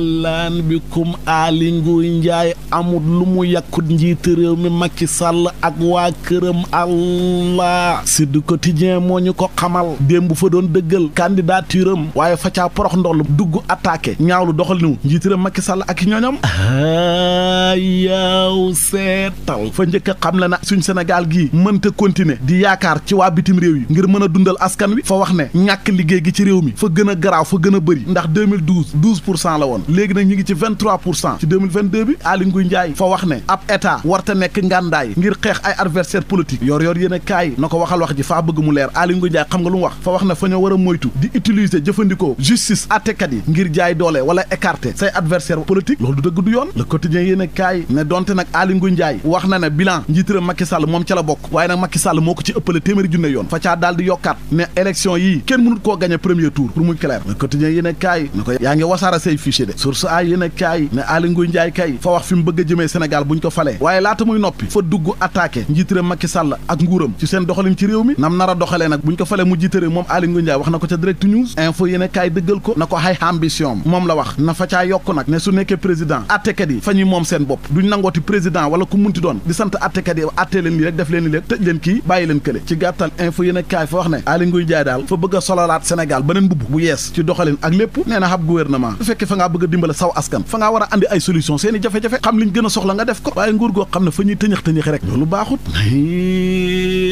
yàllaan bi kum aali nguy njaay amul lu mu yàkkut njiiti réew mag Macky Sall ak waa këram allah Sud Quotidien moo ñu ko xamal démb fa doon dëggal candidature am waaye facaa caa porox ndoll dugg attaqué ñaawlu doxal niw njiiti réew Macky Sall ak ñooñam yaw seetal fa njëkk a xam le na suñ Sénégal gii mënta continuer di yaakaar ci waa bitim réew yi ngir mën a dundal askan wi fa wax ne ñàkk liggéey gi ci réew mi fa gën a garaaw fa gën a bëri ndax 2012 12 pour cent la woon léegi nag ñu ngi ci 23 pour cent ci 2022 bi Aly Ngouille Ndiaye fa wax ne ab état warta nekk ngàndaay ngir xeex ay adversaire politique yor yor a kaay na ko waxal wax ji faa bëgg mu leer Aly Ngouille Ndiaye xam nga lu mu wax fa wax ne fa ñoo a moytu di utiliser jëfandikoo justice àttekat yi ngir jaay doole wala écarter say adversaire politique loolu du dëgg du yoon le quotidien yéen a kaay ne donte nag Aly Ngouille Ndiaye wax na ne bilan njiitëram Macky Sall moom ca la bokk waaye nag Macky Sall moo ko ci ëppale téeméeri junne yoon fa caa daal di yokkaat ne élection yii kenn mënut ko yaa ngi wasaara say fichier de source ay yéen a kaay ne Aly Ngouille Ndiaye kay fa wax fi mu bëgg a jëmee Sénégal ko falee waaye laata muy noppi fa dugg attaqué njiit réew Macky ak nguuram ci seen doxalin ci réew mi nam nar a nag bu ko falee mu jiite moom Aly Ngouille wax na ko ca direct news info yéen a kaay dëggal ko na ko hay ambition moom la wax na fa caa yokk nag ne su nekkee président attekat fa ñuy moom seen bopp duñ nangooti président wala ku munti doon dimbale saw askan fa ngaa war a andi ay solution seen jafe-jafe xam liñ gën a soxla nga def ko waaye nguur goo xam ne fa ñuy tëñëx tëñëxe rek loolu baaxut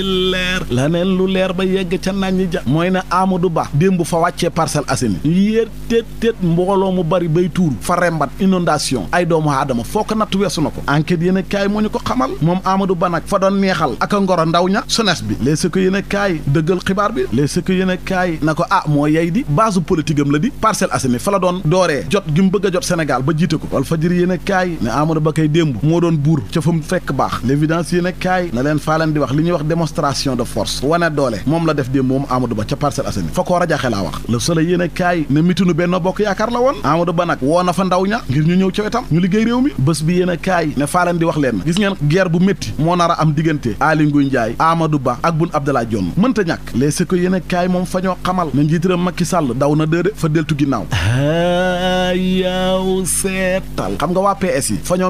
day leer la neen lu leer ba yegg ca naan ñi ja mooy ne Amadou Ba démb fa wàccee Parcelles Assainies yéer tét tét mbooloo mu bari bay tuur fa rembat inondation ay doomu aadama foo ko natt weesu na ko enquête yéen a kaay moo ñu ko xamal moom Amadou Ba nag fa doon neexal ak a ngoro ndaw ña sones bi les si ko yéen a kaay dëggal xibaar bi les ko yéen a kaay na ko ah moo yey di base politique am la di Parcelles Assainies fa la doon dooree jot gi mu bëgg a jot Sénégal ba jiite ko Walfadjri yéen a kaay ne a démonstration de force wane doole moom la def démb moom Amadou Ba ca Parcelles Assainies fa koo rajaxe laa wax le soleil yéen a kaay ne mitinu Benno Bokk Yaakaar la woon Amadou Ba nag woo na fa ndaw ña ngir ñu ñëw ca wetam ñu liggéey réew mi bés bi yéen a kaay ne faa leen di wax leen gis ngeen guerre bu métti moo nar a am diggante Aly Ngouille Ndiaye Amadou Ba ak Boun Abdallah Dionne mënta ñàkk les si ko yéen a kaay moom fa xamal ne njiitiram Macky Sall daw na déedé fa deltu ginnaaw yaaw seetal nga waa PS yi fa ñoo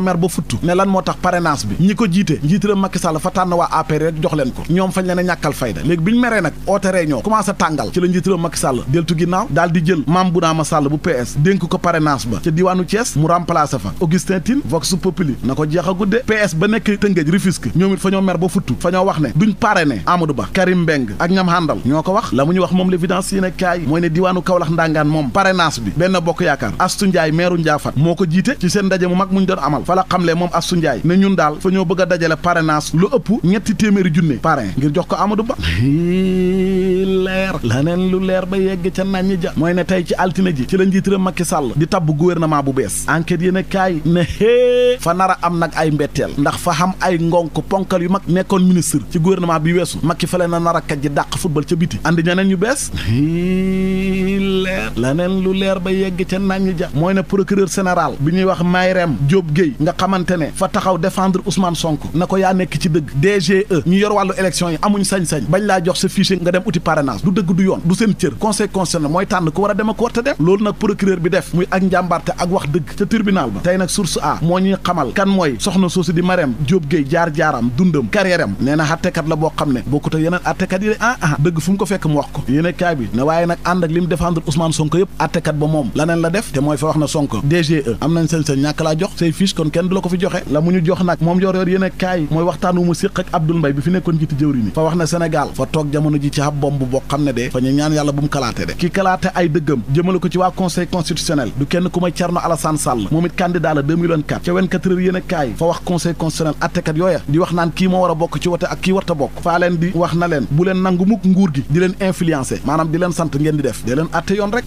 lan moo tax parrainage bi ñi ko jiite njiitiram Macky Sall fa tànn waa APR jox leen ko ñoom fañ la a ñàkkal fayda léegi bi ñu meree nag oote réunion commencé tàngal ci la njiitalam Macky Sall deltu ginnaaw daal di jël Mame Bounama Sall bu PS dénk ko parrainage ba ca diwaanu Thiès mu remplacé fa Augustin Vox Populi na ko jeex a gudde PS ba nekk Tëngéej Rufisque ñoom it fa ñoo mer ba futtu fa ñoo wax ne duñ parrainé Amadou Ba Karim Mbeng ak ñam hàndal ñoo ko wax la mu ñu wax moom l'évidence yéen a kaay mooy ne diwaanu Kaolack ndangaan moom parrainage bi benn bokk yaakaar Astu Njaay meeru Njaafat moo ko jiite ci seen ndaje mu mag muñ doon amal fa la xamle moom Astu Njaay ne ñoo bëgg a dajale parrainage lu ëpp ñetti téeméeri junne parrain ngir jox ko Amadou Ba leer laneen lu leer ba yegg ca nañ ja mooy na tey ci altine ji ci la njiitëram Macky Sall di tabb gouvernement bu bees enquête yéen a kaay ne hee fa nar a am nag ay mbetteel ndax fa xam ay ngonk ponkal yu mag nekkoon ministre ci gouvernement bi weesu Macky fa leen a nar a kaj ji dàq football ca biti andi ñeneen yu bees leer leneen lu leer ba yegg ca nañ ja mooy ne procureur général bi ñuy wax Mayrem Diop Gueye nga xamante ne fa taxaw défendre Ousmane Sonko na ko yaa nekk ci dëgg DGE ñu yor wàllu élection yi amuñ sañ-sañ bañ laa jox sa fichier nga dem uti parrainage du dëgg du yoon du seen cër conseil constitutionnel mooy tànn ku war a dem ak war a dem loolu nag procureur bi def muy ak njàmbarte ak wax dëgg ca tribunal ba tey nag source a moo ñuy xamal kan mooy soxna soosu di Mayrem Diop Gueye jaar-jaaram dundam carrière am nee na attekat la boo xam ne bokkut ak yeneen attekat yi ah ah ko fekk mu wax ko yéene kaay bi défendre Ousmane Sonko attekat ba moom laneen la def te mooy fa wax na Sonko DGE am nañ seen ñàkk laa jox say fiche kon kenn du la ko fi joxe la mu ñu jox nag moom yor yor yéen kaay mooy waxtaan wu mu séq ak Abdoul Mbaye bi fi nekkoon jiiti jëwri ni fa wax ne Sénégal fa toog jamono ji ci ab bomb boo xam ne de fa ñu yàlla bu mu kalaate de ki kalaate ay dëggam jëmale ko ci waa conseil constitutionnel du kenn ku may Thierno Alassane Sall moom it candidat yoon rek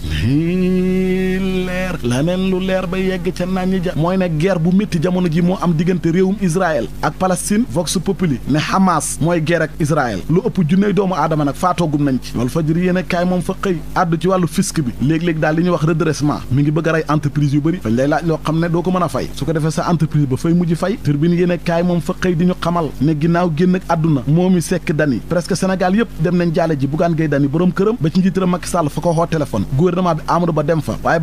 leer la neen lu leer ba yegg ca naan ñi ja mooy ne guerre bu métti jamono ji moo am diggante réewum Israël ak Palestine vox populi ne Hamas mooy guerre ak Israël lu ëpp junney doomu aadama nag faatoogum nañ ci Walfadjri yéen kaay moom fa xëy àddu ci wàllu fisc bi léeg-léeg daal li ñuy wax redressement mi ngi bëgg a rey entreprise yu bëri fañ lay laaj loo xam ne doo ko mën a fay su ko defee sa entreprise ba fay mujj fay turbine yéen kaay moom fa xëy di ñu xamal ne yëpp dem nañ jaale ji Bougane Gueye Dany borom këram ba ci njiitëram Macky Sall fa ko xoo téléphone gouvernement bi Amadou Ba dem fa waaye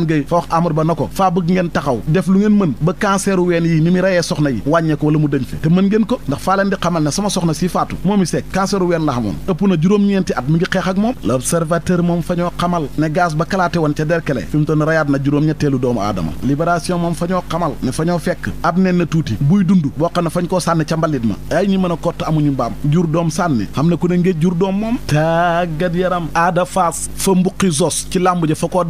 Bougane Gueye fa wax Amadou Ba na ko faa bëgg ngeen taxaw def lu ngeen mën ba canceru ween yi ni muy reyee soxna yi wàññeeko wala mu dëñ fi te mën ngeen ko ndax faa leen di xamal ne sama soxna si moom i sekk canceru ween la xamoon ëpp na juróom-ñeenti at mi ngi xeex ak moom l'observateur moom fa ñoo xamal ne gaz ba kalaate woon ca derkele fi rayaat na juróom-ñetteelu doomu aadama libération moom fa ñoo xamal ne fa ñoo fekk ab nen na tuuti buy dund a kott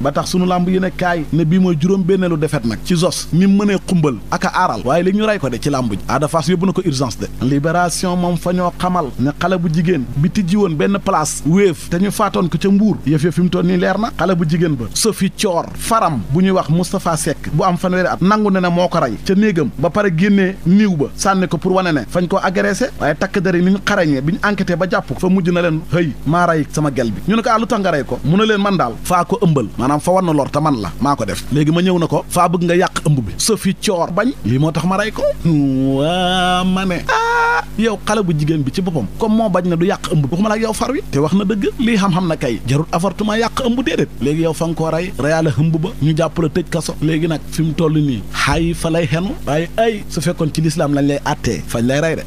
ba tax sunu làmb yéen a kaay ne bii mooy juróom benneelu defet nag ci zos ni mënee xumbal ak a aaral waaye léegi ñu rey ko de ci làmb ji Ada Fass yóbbu na ko urgence de libération moom fa ñoo xamal ne xale bu jigéen bi tijji woon benn place wéef te ñu faatoon ko ca mbuur yëf yëf fi mu toon nii leer na xale bu jigéen ba Sophie Thior faram bu ñuy wax Moustapha Seck bu am fanweeri at nangu ne ne moo ko rey ca néegam ba pare génnee niiw ba sànni ko pour wane ne fañ ko agressé waaye takk der yi ni ñu bi ñu enquêté ba jàpp fa mujj na leen hëy maa rey sama gel bi ñu ne ko ah ko mu ne leen man daal faa ko ëmbal maanaam fa war na lor te man la maa ko def léegi ma ñëw na ko faa bëgg nga yàq ëmb bi sa fi coor bañ lii moo tax ma rey ko waa ma ne ah, yow xale bu jigéen bi ci boppam comme moo bañ na du yàq ëmb bi waxuma la yow far wi te wax na dëgg lii xam-xam na kay jarul avortement yàq ëmb déedéet léegi yow fa nga koo rey reyaale ëmb ba ñu jàpp la tëj kaso léegi nag fi mu toll nii xay fa lay xenu waaye ay su fekkoon ci lislaam lañ lay attee fañ lay rey de